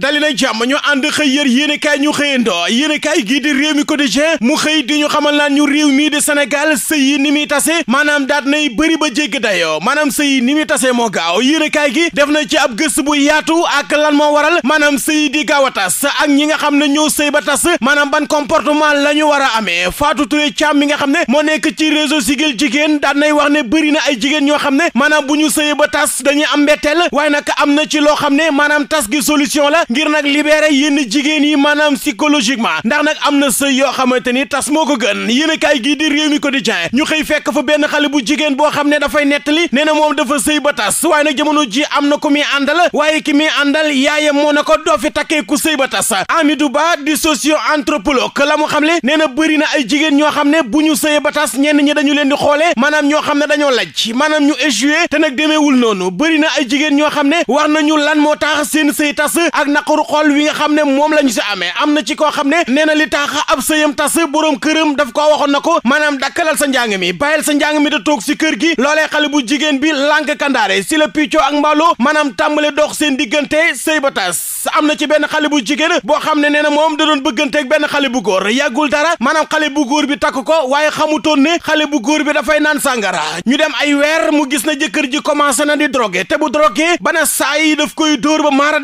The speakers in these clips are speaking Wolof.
dali na jàmm ñu ànd xëy yër yéenekaay ñu xëyee xëyandoo yéenekaay gii di réew mi quotidien mu xëy di ñu xamal naan ñu réew mii di Sénégal sëy ni muy tase maanaam daat nay bëri ba jégg dayoo maanaam sëy ni muy tase moo gaaw yéenekaay gi def na ci ab gëstu bu yaatu ak lan moo waral maanaam sëy di gaaw a tas ak ñi nga xam ne ñoo sëy ba tas maanaam ban comportement la ñu war a amee Fatou Touré Thiam mi nga xam ne moo nekk ci réseau Siggil Jigéen daat nay wax ne bëri na ay jigéen ñoo xam ne maanaam bu ñu sëy ba tas dañuy am mbetteel waaye nag am na ci loo xam ne maanaam tas gi solution la ngir nag libéré yenn jigéen yi maanaam psychologiquement ndax nag am na sëy yoo xamante ni tas moo ko gën yéen a kaay gii di réew mi quotidien ñu xëy fekk fa benn xale bu jigéen boo xam ne dafay nettali nee na moom dafa sëy ba tas waaye na jamono ji am na ko muy àndal waaye ki muy àndal yaayam moo na ko doo fi takkee ku sëy ba tas Amidou Ba di socio anthropologue la mu xam le nee na bëri na ay jigéen ñoo xam ne bu ñu sëyee ba tas ñenn ñi dañu leen di xoolee maanaam ñoo xam ne dañoo laj maanaam ñu échoué te nag demeewul noonu bëri na ay jigéen ñoo xam ne war nañu lan moo tax seen sëy tas ak naqaru xool wi nga xam ne moom la ñu si amee am na ci koo xam ne nee na li tax ab sëyam tas boroom këram daf koo waxoon na ko maanaam dakkalal sa njàng mi bàyyil sa njàng mi da toog si kër gi loolee xale bu jigéen bi lànk kandaare si la picco ak mbaaloo maanaam tàmbale dox seen diggante sëy ba tas am na ci benn xale bu jigéen boo xam ne nee na moom da doon bëgganteeg benn xale bu góor yàggul dara maanaam xale bu góor bi takk ko waaye xamutoon ne xale bu góor bi dafay naan sàngara ñu dem ay weer mu gis na jëkkër ji commencé na di drogué te bu drogué ba na saa daf koy dóor ba maara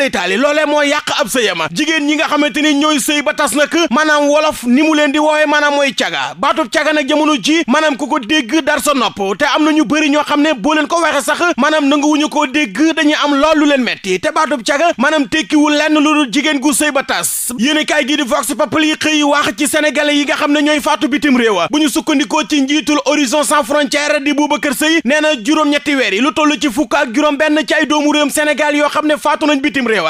moo yàq ab sëyama jigéen ñi nga xamante ni ñooy sëy ba tas nag maanaam wolof ni mu leen di woowee maanaam mooy caga baatub caga nag jamono ji maanaam ku ko dégg dar sa nopp am na ñu bëri ñoo xam ne boo leen ko waxe sax maanaam nanguwuñu koo dégg dañu am loolu lu leen metti te baatub caga maanaam tekkiwul lenn lu dul jigéen gu sëy ba tas yéen kaay gi di vox xëy wax ci sénégalais yi nga xam ne ñooy faatu bitim réew bu ñu sukkandikoo ci njiitul horizon sans frontière di Boubacar Seye nee na juróom-ñetti weer yi lu toll ci fukk ak juróom benn ci ay doomu réewum yoo xam ne faatu nañ bitim réew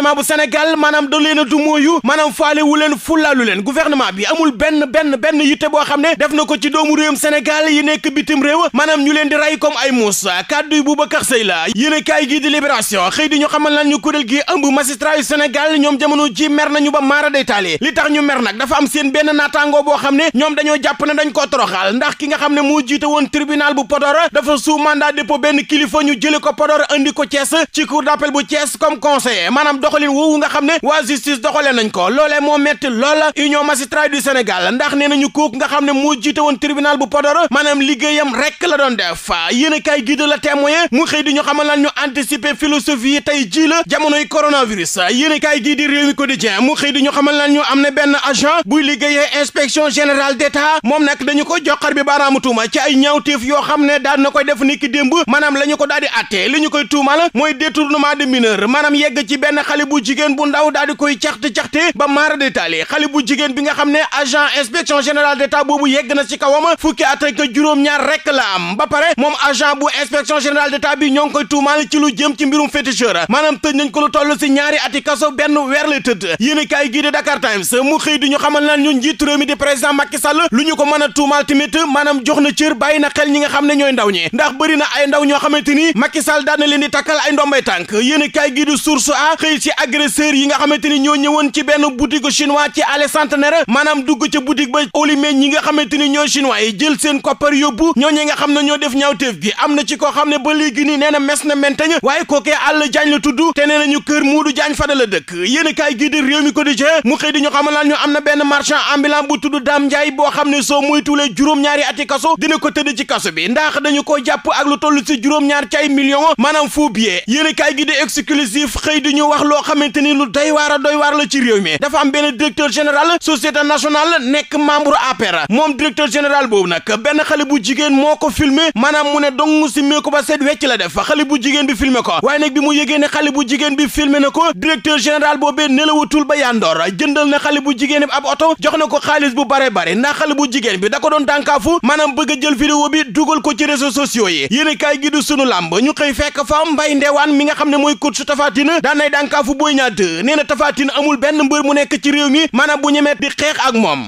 gouvernement bu Sénégal maanaam da leen a du mooyu maanaam faale wu leen fulaalu leen gouvernement bi amul benn benn benn yitte boo xam ne def na ko ci doomu réewum Sénégal yi nekk bitim réew maanaam ñu leen di rey comme ay muus kàddu yi Boubacar Seye la yéen kaay gii di libération xëy di ñu xamal lan ñu kuréel gi ëmb magistrat yu Sénégal ñoom jamono ji mer nañu ba maara day taali li tax ñu mer nag dafa am seen benn naataangoo boo xam ne ñoom dañoo jàpp ne dañ ko toroxal ndax ki xam ne moo jiite woon tribunal bu Podor dafa sous mandat dépôt benn kilifa ñu jële ko Podor andi ko Thiès ci cour d'appel bu doxalin woowu nga xam ne waa justice doxalee nañ ko loole moo metti loola union magistrat du Sénégal ndax nee nañu kooku nga xam ne moo jiite woon tribunal bu Podor maanaam liggéeyam rek la doon def yéen a kaay gi de la témoin mu xëy du ñu xamal lan ñu anticiper philosophie yi tey jii la jamonoy coronavirus yéen a kaay gii di Rewmi Quotidien mu xëy du ñu xam lan ñu am ne benn agent buy liggéeyee inspection générale d'État moom nag dañu ko joxar bi baaraamu tuuma ci ay ñaawteef yoo xam ne daan na koy def niki démb maanaam la ñu ko daal di attee li ñu koy tuumal mooy détournement de mineur maanaam yegg ci benn xale bu jigéen bu ndaw daal di koy caxte-caxte ba maara de taali xale bu jigéen bi nga xam ne agent inspection générale d'État boobu yegg na ci kawam fukki at ak juróom-ñaar rek la am ba pare moom agent bu inspection générale d'État bi ñoo ngi koy tuumaal ci lu jëm ci mbirum féticheur maanaam tëj nañ ko lu toll si ñaari ati kaso benn weer la tëdd yéen kaay gii di Dakar Times mu xëy du ñu xamal na ñu njiitu réew mi président Macky Sall lu ñu ko mën a tuumaal tamit maanaam jox na cër bàyyi na xel ñi nga xam ne ñooy ndaw ñi ndax bëri na ay ndaw xamante ni Macky Sall daan leen di takkal ay ndombay tànk yéen kaay gii di a ci agresseur yi nga xamante ni ñoo ñëwoon ci benn boutique chinois ci allée Centenaire maanaam dugg ca boutique ba Olimé ñi nga xamante ni ñoo chinois yi jël seen koppar yóbbu ñooñu nga xam ne ñoo def ñaawteef bi am na ci koo xam ne ba léegi nii nee na mes na mentañ waaye kookee àll jaañ la tudd te nee nañu kër Muudu Jaañ fa la dëkk yéen kaay gii di réew mi quotidien mu xëy di ñu xamal ñu am na benn marchand ambulant bu tudd Dame Ndiaye boo xam ne soo muy tulee juróom-ñaari ati kaso ko tëdd ci kaso bi ndax ko jàpp ak lu toll juróom-ñaar ci ay millions maanaam faux billet yéen xëy di ñu wax loo xamante ni lu doy waar a doy ci réew mi dafa am benn directeur général société nationale nekk membre APR moom directeur général boobu nag benn xale bu jigéen moo ko filme maanaam mu ne dong si mee ko ba seet ci la def xale bu jigéen bi filmé ko waaye nag bi mu ne xale bu jigéen bi filmé na ko directeur général boobee nelawatul ba yandoor jëndal na xale bu jigéen bi ab oto jox na ko xaalis bu bare bare ndax xale bu jigéen bi da ko doon tànkaafu maanaam bëgg a jël vidéo bi dugal ko ci réseaux sociaux yi yéen a kaay gi du sunu ñu xëy fekk fa mbay ndewaan mi nga xam ne mooy coach Tapha Tine daan dànkaafu Boy Niang 2 nee na Tapha Tine amul benn mbër mu nekk ci réew mi maanaam bu ñemee di xeex ak moom